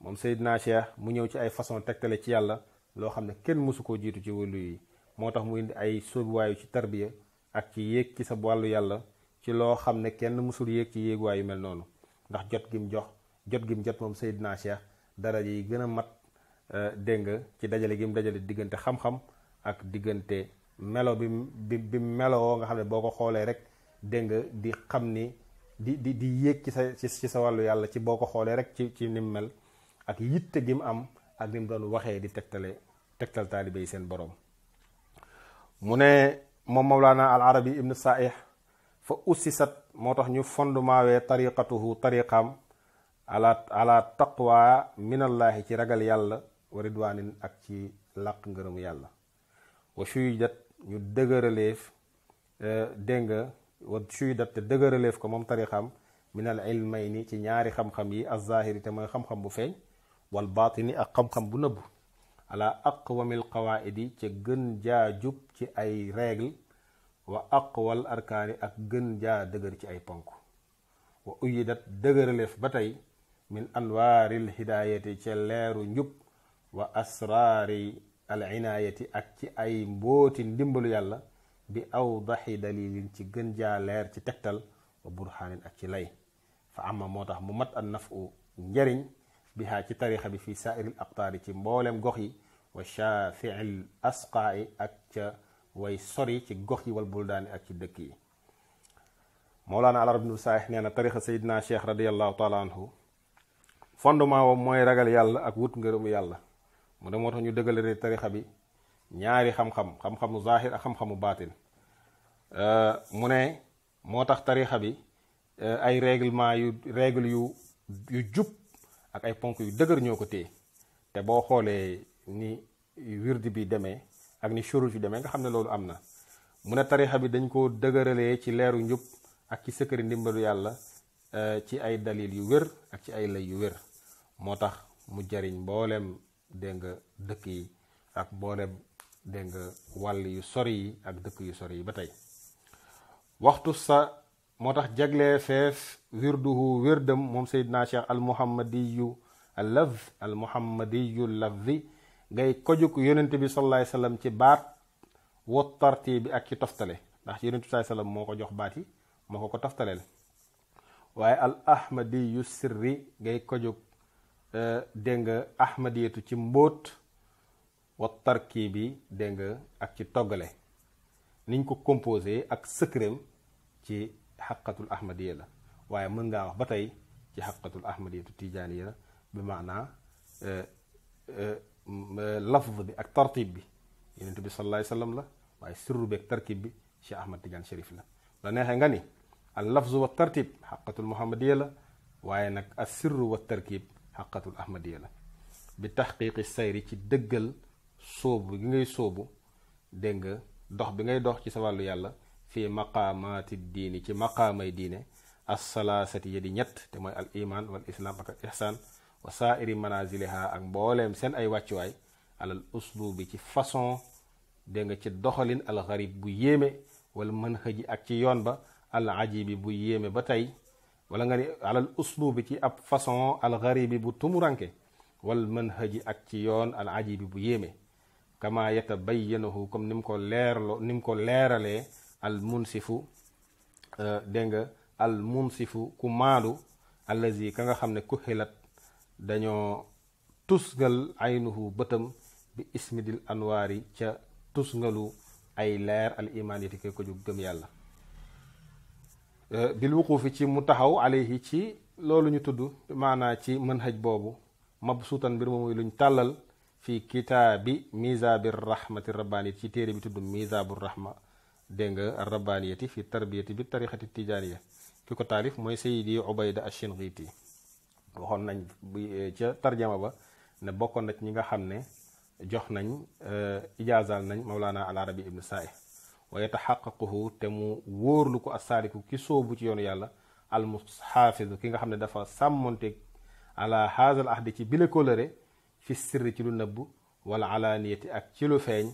moom Seydina Cheikh mu ñëw ci ay façon tegtale ci yàlla loo xam ne kenn mësu koo jiitu ci moo tax mu indi ay sóobuwaayu ci tarbiya ak ci yéeg ci sa wàllu yàlla ci loo xam ne kenn mësul yéeg ci yéeguwaay yu mel noonu ndax jot gim jox jot gim jot moom Seydina Cheikh dara yi gën a mat euh, dégg nga ci dajale gim dajale diggante xam-xam ak diggante melo bi bi bi meloo nga xam ne boo ko xoolee rek dégg nga di xam ni di di di yéeg ci sa ci sa wàllu yàlla ci boo ko xoolee rek ci ci ni mu mel ak yitte gi mu am ak ni mu doon waxee di tegtale tegtal taalibe yi seen boroom mu ne moom mawlaana al arabi ibnu saaih fa ussisat moo tax ñu fondemaawee tariqatuhu tariqaam ala ala taqwa minallaahi ci ragal yàlla wa ridwaanin ak ci làq ngërëmu yàlla wa suydat ñu dëgëraleef euh, dégg nga wa suy dat te dëgëraleef ko moom tarixam minal ilmayni ci ñaari xam-xam yi az te mooy xam-xam bu feeñ wal baatini ak xam-xam bu nëbb ala aqwamil qawaidi ca gën jaa jub ci ay règle wa aqwal arkaani ak gën jaa dëgër ci ay ponk wa uyidat dëgëraleef ba tey min anwaaril hidaayati ca leeru njub wa asraari al inaayati ak ci ay mbooti ndimbalu yàlla bi awdaxi dalilin ci gën jaa ci tegtal wa ci lay fa moo tax mu mat an nafu njariñ bihaa ci tarixa bi fi saairil aqtaari ci mbooleem gox yi wa shaafiil asqaa'i ak ca way sori ci gox yi wal buldaani ak ci dëkk yi Mawlaana Al Arab ibnu Saalih nee na tarixa Seydina Cheikh radiallahu taala anhu fondement wam mooy ragal yàlla ak wut ngërëmu yàlla mu ne moo tax ñu dëgëlëree tarixa bi ñaari xam-xam xam-xamu zahir ak xam-xamu baatin euh, mu ne moo tax tarixa bi euh, ay règlement yu règle yu yu jub ak ay ponk yu dëgër ñoo ko té te boo xoolee ni wirdi bi demee ak ni shurul fi demee nga xam ne loolu am na mu ne tarixa bi dañ koo dëgëralee ci leeru njub ak ci sëkkëri ndimbalu yàlla euh, ci ay dalil yu wér ak ci ay lay yu wér moo tax mu jariñ mboolem dégg nga dëkk yi ak mboolem dégg nga wàll yu sori yi ak dëkk yu sori yi ba tey waxtu sa moo tax jaglee feef wirduhu wirdam moom seydina cheikh al muhammadiyu al lafz al muhammadiyu lafzi ngay kojuk yonent bi sallallahu alayhi ci baat wa tarti bi ak ci toftale ndax yonent bi sallallahu alayhi moo ko jox baat yi moo ko ko toftaleel waaye al sirri ngay kojuk Euh, dégg nga ahmadiyatu ci mboot wa tarki bi dégg nga ak ci toggale niñ ko composé ak sëkkëram ci xaqatul ahmadiya la waaye mën ngaa wax ba tey ci xaqatul ahmadiyatu tijaaniya la bi maanaa euh, euh, lafz bi ak tartib bi yonent bi sallallahu alayhi wasallam la waaye sirru bi ak bi Cheikh Ahmad Tidiane la neexee nga ni al lafz wa tartib xaqatul muhammadiya la waaye nag as sirru wa tarkib xaqatul ahmadiya la bi taxqiqi sayri ci dëggal sóobu gi ngay sóobu dégg nga dox bi ngay dox ci sa wàllu yàlla fi maqaamaati diini ci maqaamay diine assalaasati ya di ñett te mooy al iman wal islam ak al ihsaan wa saairi manaziliha ak mbooleem seen ay wàccuwaay alal uslubi ci façon dégg nga ci doxalin al garib bu yéeme wala mën xëji ak ci yoon ba al ajibi bu yéeme ba tey wala nga ni alal uslubi ci ab façon al gharibi bu tumuranke wal manhaji ak ci yoon al ajibi bu yéeme kama yatabayyanahu comme ni mu ko leerloo ni mu ko leeralee al munsifu euh, dégg nga al munsifu ku maadu allazi ka nga xam ne ku xilat dañoo tusgal aynuhu bëtam bi ismidil anwaari ca tusgalu ay leer al imaan yi ko jóg gëm yàlla Euh, bil wuquufi ci mu taxaw alayhi ci loolu ñu tudd maanaa ci manhaj boobu ma mabsuutan mbir moomuy luñ tàllal fii kitaabi mizabi rahmati rabbaaniyati ci téere bi tudd mizabu rahma dégg nga rabbaaniyati fi tarbiyati bi tarixati tijaaniya ki ko taalif mooy sayidi ubayda ashinqiiti waxoon nañ bi eh, ca tarjama ba ne bokkoon na ñi nga xam ne jox nañ eh, ijaazaal nañ mawlaana al arabi ibnu saay wa yataxaqaquhu te mu wóorlu ko asaaliku ki sóobu ci yoonu yàlla almuxaafizu ki nga xam ne dafa sàmmonteeg ala haazal ahdi ci bile kóllëre fi sirri ci lu nëbb wala alaaniyati ak ci lu feeñ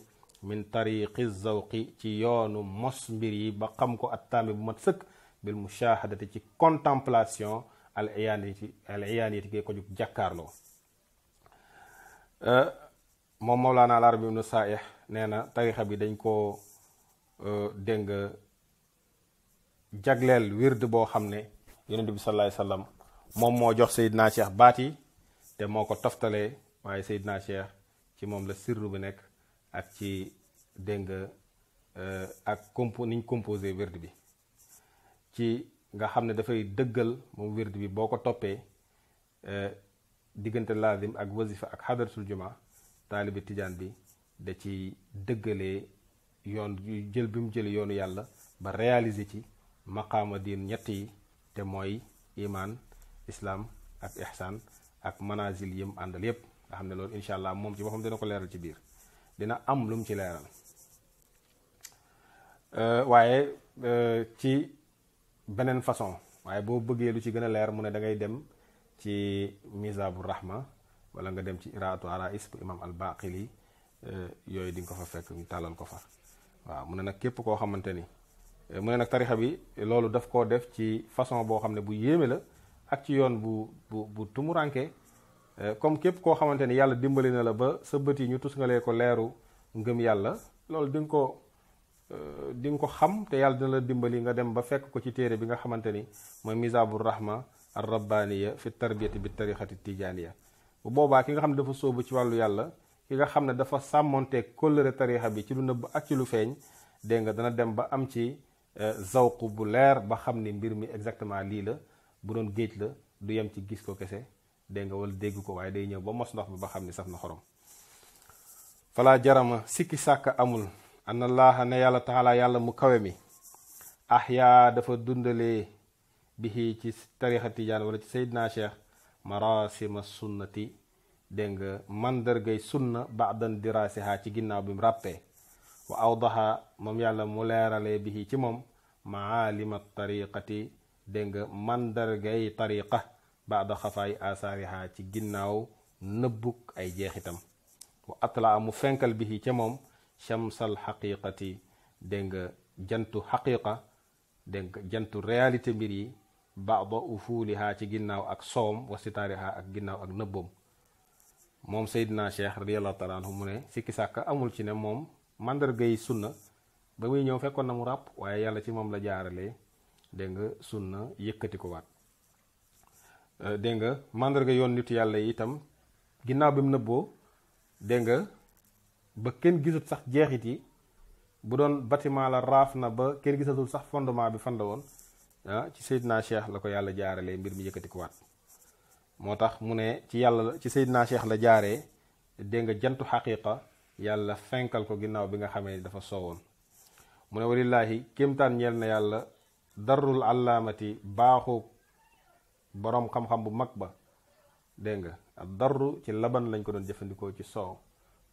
min tariqi zawqi ci yoonu mos mbir yi ba xam ko attaami bu mat sëkk bil ci contemplation al iyaaniyati al euh, tarixa bi dañ ko Euh, dégg nga jagleel wird boo xam ne yonent bi sallallahu alayhi moom moo jox Seydina Cheikh baat yi te moo ko toftalee waaye Seydina Cheikh ci moom la sirru bi nekk ak ci dégg nga euh, ak compo niñ composé wird bi ci nga xam ne dafay dëggal moom wird bi boo ko toppee euh, diggante laazim ak wasifa ak xadaratul juma taalibi tijaan bi da ci dëggalee yoon jël bi mu jël yoonu yàlla ba réaliser ci maqaama diin ñett yi te mooy imaan islaam ak ihsaan ak manazil yi mu àndal yépp nga xam ne loolu incha allah moom ci boppam dina ko leeral ci biir dina am lu mu ci leeral euh, waaye euh, ci beneen façon waaye boo bëggee lu ci gën a leer mu ne da ngay dem ci misabu rahma walla nga dem ci iraatu arais bu imam al baqili euh, yooyu di ko fa fekk ñu tàllal ko fa waaw mu ne nag képp koo xamante ni eh, mu ne nag tarixa bi eh, loolu daf koo def ci façon boo xam ne bu yéeme la ak ci yoon bu bu bu tumuranke eh, comme képp koo xamante ni yàlla dimbali na la ba sa bët yi ñu tusngalee ko leeru ngëm yàlla loolu di ko di nga ko xam te yàlla dina la dimbali nga dem ba fekk ko ci téere bi nga xamante ni mooy misaabu rahma ar ya fi tarbiyati bi tarixati tijaaniya bu boobaa ki nga xam ne dafa sóobu ci wàllu yàlla fi nga xam ne dafa sàmmonteeg kóllëre tariixa bi ci lu nëbb ak ci lu feeñ dégg nga dana dem ba am ci euh, zawq bu leer ba xam ni mbir mi exactement lii la bu doon géej la du yem ci gis ko kese dégg nga dégg ko waaye day ñëw ba mos ndox mi ba xam ni saf na xorom fala jarama sikki sàkk amul ana laaha ne yàlla taala yàlla mu kawe mi ahyaa dafa dundalee bihi ci tariixa tijaan wala ci seydina cheikh marasima sunnati dégg nga mandargay sunna baadan diraasiha ci ginnaaw bi mu ràppee wa awdaha moom yàlla mu leeralee bihi ci moom maalima tariqati dégg nga mandargay tariqa baada xafaay asaariha ci ginnaaw nëbbuk ay jeexitam wa atlaa mu fenkal bihi ca moom chamsal xaqiqati dégg nga jantu xaqiqa dégg nga jantu réalité mbir yi baada ufuuliha ci ginnaaw ak soom wa sitaariha ak ginnaaw ak nëbboom moom naa Cheikh radiyallahu taala anhu mu ne sikki sàkk amul ci ne moom màndarga yi sunna ba muy ñëw fekkoon na mu ràpp waaye yàlla ci moom la jaarale dégg nga sunna yëkkati ko waat euh, dégg nga màndarga yoon nitu yàlla yi itam ginnaaw bi mu nëbboo dégg nga ba kenn gisut sax jeexit yi bu doon bâtiment la raaf na ba kenn gisatul sax fondement bi fan la woon ah ci naa Cheikh la ko yàlla jaaralee mbir mi yëkkati ko waat moo tax mu ne ci yàlla la ci Seydina Cheikh la jaaree dégg nga jantu xaqiqa yàlla fenkal ko ginnaaw bi nga xamee ni dafa soowoon mu ne walillaahi kéemtaan ñeel na yàlla darul àllaamati baaxu boroom xam-xam bu mag ba dégg nga darru ci laban lañ ko doon jëfandikoo ci soow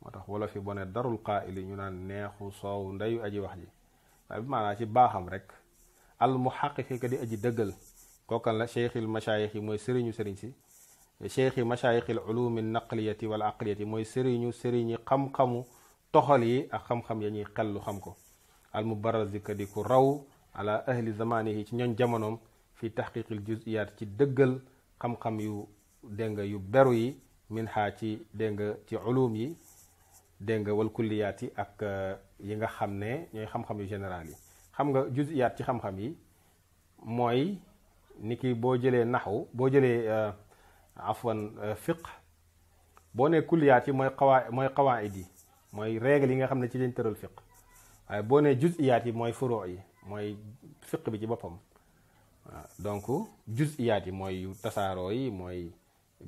moo tax wolof yi bone darul qaa'ili ñu naan neexu soow ndeyu aji wax ji waaye bi maanaa ci baaxam rek al muhaqiqi ka di aji dëggal kookal la cheikhil machaayix yi mooy sëriñu sëriñ si cheikhi machaayixil ulumi naqliyati wal aqliyati mooy sëriñu sëriñi xam-xamu toxal yi ak xam-xam ya ñuy xellu xam ko al mubarazika di ku raw ala ahli yi ci ñoñ jamonoom fi taxqiqil juziyaat ci dëggal xam-xam yu dégg nga yu beru yi min ci dégg nga ci ulum yi dégg nga wal kulliyaat yi ak euh, yi nga xam ne ñooy xam-xam yu général yi xam nga juziyaat ci xam-xam yi mooy ni ki boo jëlee naxwu boo jëlee euh, afwan euh, fiq boo ne kulliyaat yi mooy xawaa mooy xawaid yi mooy règle yi nga xam ne ci lañ tëral fiq waaye boo nee juziyaat yi mooy furoo mooy fiq bi ci boppam waaw donc juziyaat yi mooy tasaaroo yi mooy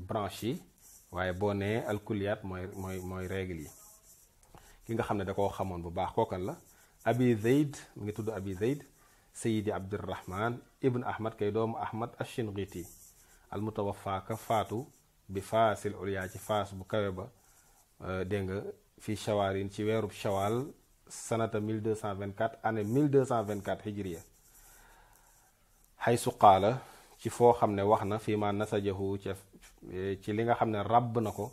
branche yi waaye boo nee alkulliyaat mooy mooy mooy règle yi ki nga xam ne da koo xamoon bu baax kookan la abi zeyd mu ngi tudd abi zeyd sayidi abdirahman ibn ahmad kay doomu ahmad ashinqiti almutawafaa ka faatu bi faasil ulyaa ci faas bu kawe ba euh, dégg nga fii shawaarin ci weerub shawaal sanata 1224 année 1224 hijriya xaysu qaala ci foo xam ne wax na fii ma nasajahu eh, ci li nga xam ne ràbb na ko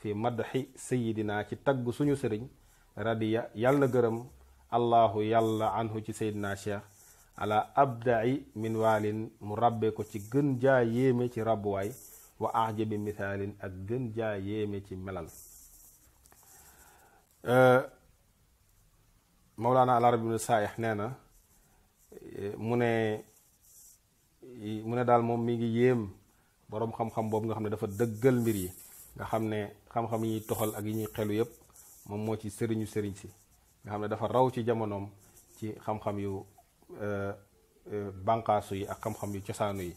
fii madxi sayidina ci tagg suñu sëriñ radiya yàlla na gërëm allahu yàlla anhu ci sayidina cheikh ala abdai min waalin mu rabbe ko ci gën jaa yéeme ci rabbuwaay wa ajabi misaalin ak gën jaa yéeme ci melal euh, Mawlaana al Arabi ibnu Saayix nee na mu ne mu ne daal moom mi ngi yéem boroom xam-xam boobu nga xam ne dafa dëggal mbir yi nga xam ne xam-xam yi ñuy toxal ak yi ñuy xelu yépp moom moo ci sëriñu sëriñ si nga xam ne dafa raw ci jamonoom ci xam-xam yu Euh, euh, banqaasu yi ak xam-xam yu cosaanu yi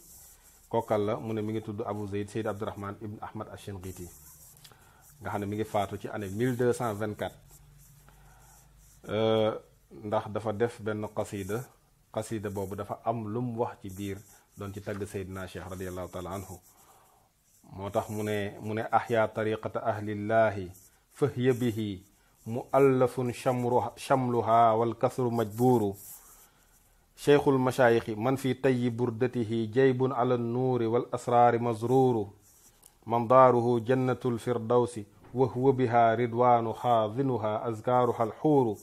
kookal la mu ne mi ngi tudd Abu Zayd Seyd Abdurahman ibn Ahmad Ash-Shinqiti nga xam ne mi ngi faatu ci année 1224 euh, ndax dafa def benn qasida qasida boobu dafa am lu wax ci biir doon ci tagg Seydina Cheikh radiallahu taala anhu moo tax mu ne mu ne ahya tariqata ahlillaahi fahiya bihi muallafun chamluha walkasru majbuuru cheikhul mashaayixi man fi tayyi burdatihi jaybun ala nuuri wal asraari mazruuru mandaaruhu jannatul firdawsi wa huwa biha ridwaanu xaadinuha azkaaruha alxuuru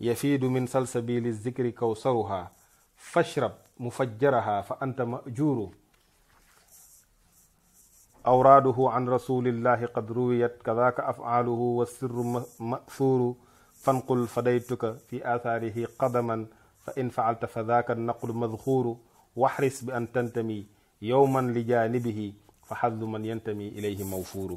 yafiidu min salsabili zikri kawsaruha fashrab mufajjaraha fa anta majuuru awraaduhu an rasulillahi qad ruwiyat kadaaka afaaluhu wa sirru masuuru fanqul fadaytuka fi aathaarihi qadaman fa in faalta fa daaka naqlu madxuuru waxris bi an tantami yowman li jaanibihi fa xaddu man yantami ilayhi mawfuuru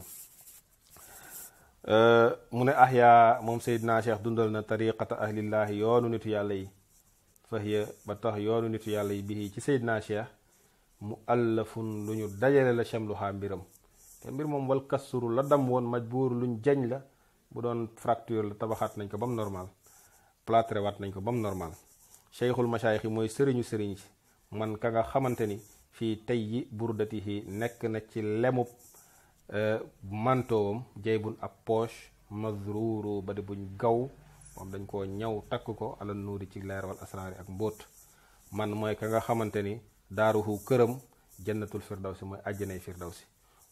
mu ne ahyaa moom seydina cheikh dundal na tariqata ahlillaahi yoonu nitu yàlla yi fahiya ba tax yoonu nitu yàlla yi bihi ci seydina cheikh mu allafun lu ñu dajale la chamluhaa mbiram te mbir moom wal kasturu la dam woon majbuur luñ jañ la bu doon fracture la tabaxaat nañ ko ba mu normal plâtre waat nañ ko ba mu normal cheikhul machaayix yi mooy sëriñu sëriñ si man ka nga xamante ni fii tey yi burdatihi nekk na ci lemub e, mantoowam jaybun ab poche mazruuru ba di buñ gaw moom dañ koo ñaw takk ko alal nuuri ci leer wal asraari ak mbóot man mooy ka nga xamante ni daaruhu këram jannatul firdawsi mooy àjjanay firdawsi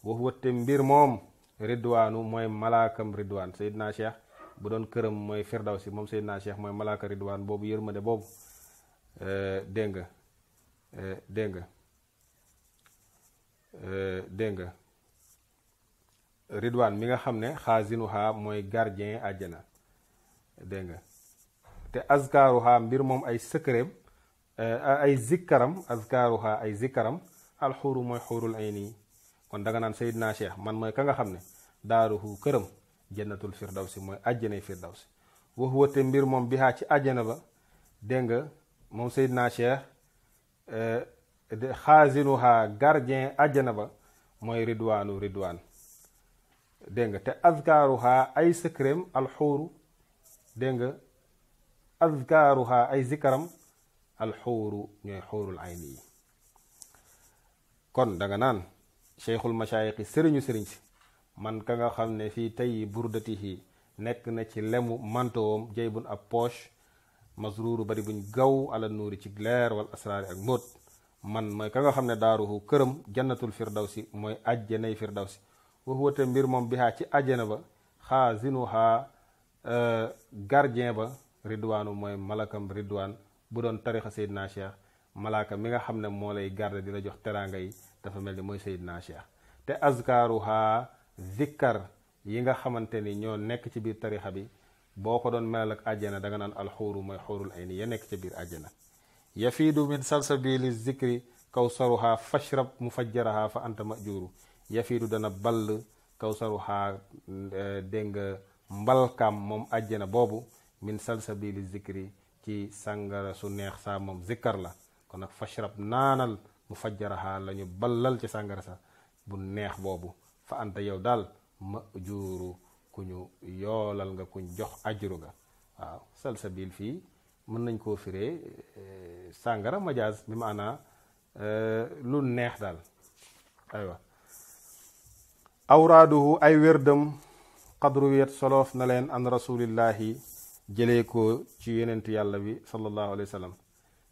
wax wëtte mbir moom ridwaanu mooy malaakam ridwaan sayidna cheikh bu doon këram mooy firdawsi moom sayidna cheikh mooy malaaka ridwaan boobu yërmande boobu Eh, dégg nga eh, dégg nga eh, dégg nga ridwaan mi nga xam ne xaasinuha mooy gardien àjjana dégg nga te azkaaruha mbir moom ay sëkkëreem ay zikkaram azkaaruha ay zikkaram alxuuru mooy xuurul ayni kon danga naan Seydina Cheikh man mooy ka nga xam ne daaruhu këram jannatul firdawsi mooy àjjanay firdawsi wax wate mbir moom bi xaa ci àjjana ba dégg nga moom seydinaa Seydina Cheikh eh, xaasinuha gardien àjjana ba mooy ridwaanu ridwaan dégg nga te azkaaruha ay sëkkëreem alxuuru dégg nga azkaaruha ay zikaram alxuuru ñooy xuurul ayni yi kon danga naan cheikhul machaayixi sëriñu sëriñ si man ka nga xam ne fii tey burdatihi nekk na ci lemu mantoom jaybun ab poche masruuru bari buñ gaw ala nuuri ci leer wal asraari ak mbóot man mooy ka nga xam ne daaruhu këram jannatul si mooy ajjanay firdawsi wa huwa te mbir moom bi bihaa ci ajjana ba xaazinuhaa euh, gardien ba ridwaanu mooy malakam ridwaan bu doon tarixa Seydina Cheikh mi nga xam ne moo lay garde di la jox teraanga yi dafa mel ni mooy Seydina Cheikh te azkaaruhaa zikkar yi nga xamante ni ñoo nekk ci biir tarixa bi boo ko doon melal ak àjjana danga naan alxuuru mooy xuurul ayni ya nekk ca biir àjjana yafiidu min salsabili zikri kawsaruhaa fashrab mufajjarahaa fa anta majuuru yafiidu dana ball kawsaruhaa eh, dégg nga mbalkaam moom àjjana boobu min salsabili zikri ci sàngara su neex saa moom zikkar la kon nag fashrab naanal mu la ñu ballal ci sàngara sa bu neex boobu fa anta yow daal majuuru ku ñu yoolal nga kuñ jox ajru nga waaw salsabil fii mën nañ koo firee eh, sàngara majaaz bi maanaa eh, lu neex daal aywa awraaduhu ay wérdam qadru wiyat soloof na leen an rasulillahi jëlee ko ci yonentu yàlla bi sallallahu alayhi wa sallam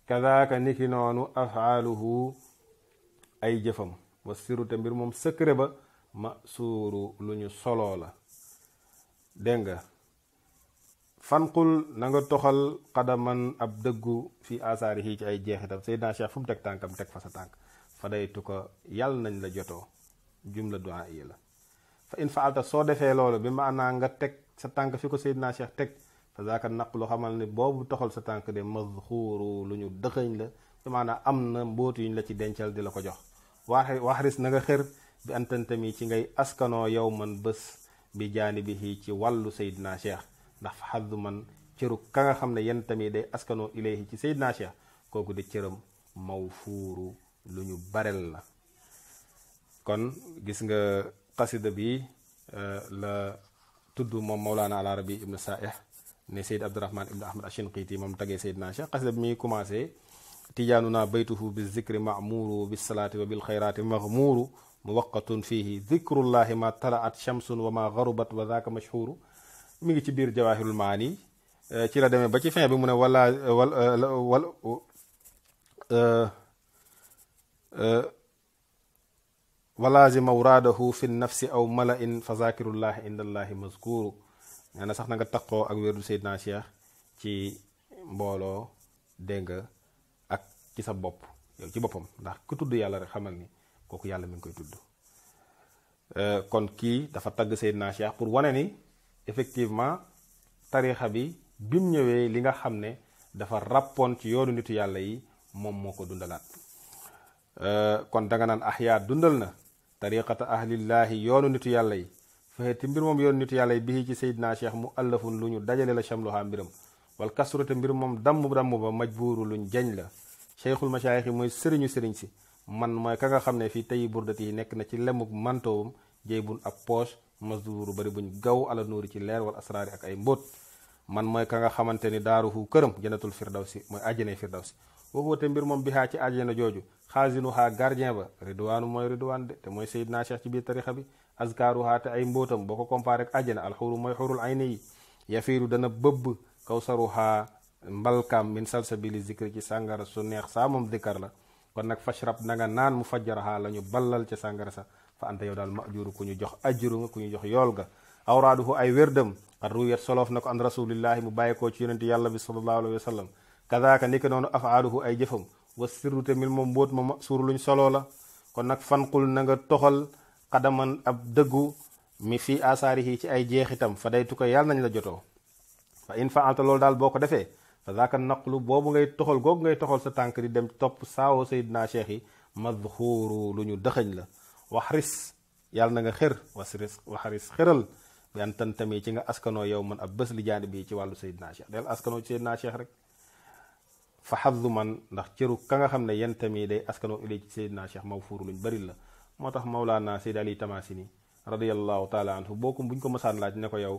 kadaaka niki noonu afaaluhu ay jëfam wa siru te mbir moom secret ba ma suuru lu ñu soloo la dégg nga fanqul na nga toxal xadaman ab dëggu fi asaari yi ci ay jeexitam Seydina Cheikh fu mu teg tànkam teg fa sa tànk fa daytu ko yàlla nañ la jotoo jumla du'a yi la fa in soo defee loolu bi maanaa nga teg sa tànk fi ko Seydina Cheikh teg fa zaaka naqlu xamal ni boobu toxal sa tànk de mazxuuru lu ñu dëxëñ la bi maanaa am na mbóot yuñ la ci dencal di la ko jox wax waxris na nga xër bi antantami ci ngay askanoo yow man bés bi jaanibihi ci wàllu Seydina Cheikh ndax fa xaddu man cëru ka nga xam ne yéen tamit day askanoo ilayhi ci Seydina Cheikh kooku di cëram mawfuuru lu ñu barel la kon gis nga xasida bi euh, la tudd moom Mawlaana al Arabi ibnu Saaih ne Seyd Abdurahman ibnu Ahmad Ashinqiiti moom tagee Seydina Cheikh xasida bi mi commencé tijaanu naa baytuhu bi zikri mamuuru bi salaati wa bil xayraati maxmuuru muwaqqatun fihi dikrullahi ma talaat shamsun wa ma garubat wa zaaka mashhuru mi ngi ci biir jawaahirul maani eh, ci la demee ba ci fin bi mu ne wala eh, wal eh, walaasi mawraadahu fi nafsi aw mala in fa zakirullahi indallahi mazkuru nee sax na nga taqoo ak wérdu Seydina Cheikh ci mbooloo dégg nga ak ci sa bopp yow ci boppam ndax ku tudd yàlla rek xamal ni kooku yàlla mi ngi koy tudd euh, kon kii dafa tagg Seydina Cheikh pour wane ni effectivement tarixa bi bi mu ñëwee li nga xam ne dafa ràppoon ci yoonu nitu yàlla yi moom moo ko dundalaat euh, kon danga naan ahyaa dundal na tariqata ahlillaahi yoonu nitu yàlla yi fexe te mbir moom yoonu nitu yàlla yi bii ci Seydina Cheikh mu allafun lu ñu dajale la chamluhaa mbiram wal kasrute mbir moom damm damm ba majbuuru luñ jañ la cheikhul machaayix mooy sëriñu sëriñ si man mooy ka nga xam ne fii tey burdati yi nekk na ci lemug mantowum jéy bun ab poche masduru bari buñ gaw ala nuuri ci leer wal asraari ak ay mbóot man mooy ka nga xamante ni fu këram janatul firdawsi mooy ajjane firdawsi waxu te mbir moom bi bihaa ci ajjana jooju xaasinuhaa gardien ba ridwaanu mooy ridwaan de te mooy sayidna cheikh ci biir tarixa bi azkaaruhaa te ay mbóotam boo ko comparé ak ajjana alxuru mooy xurul ayni yi yafiiru dana bëbb kawsaruhaa mbalkaam min salsabili zikri ci sàngara su neex saa moom dikkar la kon nag fashrab na nga naan mu fajjaraha la ñu ballal ca sàngara sa fa anta yow daal majuru ku ñu jox ajuru nga ku ñu jox yool ga awraaduhu ay wérdam xat ruyat soloof na ko an rasulillahi mu bàyyi koo ci yonente yàlla bi salallahu alayhi wa sallam kadaaka ni ki noonu afaaluhu ay jëfam wa sirru tamit moom mbóot ma suur luñ soloo la kon nag fanqul na nga toxal xadaman ab dëggu mi fii asaarihi ci ay jeexitam fa daytu ko yàlla nañ la jotoo fa ko defee fa zaaka naqlu boobu ngay toxal googu ngay toxal sa tànk di dem topp saawoo saawo sayidina cheikh yi madxuuru lu ñu dëxëñ la waxris yàlla na nga xër wasris waxris xëral bi an tantami ci nga askanoo yow man ab bés li jaani bii ci wàllu sayidina cheikh del askanoo ci sayidina cheikh rek fa xaddu man ndax cëru ka nga xam ne yentami day askanoo ilay ci sayidina cheikh mawfuuru luñ bari la moo tax mawlaana sayd ali tamasini radiallahu taala anhu boo ko buñ ko mësaan laaj ne ko yow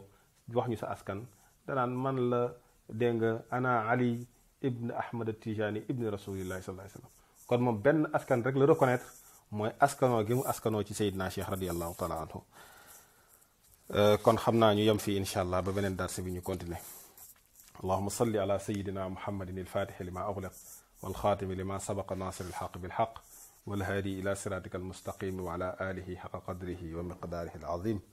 wax ñu sa askan danaan man la dégg nga ana ali ibn ahmad tijani ibn rasulillahi sallallahu alayhi wasallam kon moom benn askan rek la reconnaître mooy askanoo gi mu askanoo ci sayidna cheikh radiallahu taala anhu euh, kon xam naa ñu yem fii insha allah ba beneen darse bi ñu continuer allahuma salli ala sayidina muhammadin alfatixi lima axlaq walxaatimi lima sabaqa nasir alxaq bilxaq والهادي إلى صراطك المستقيم وعلى آله حق قدره ومقداره العظيم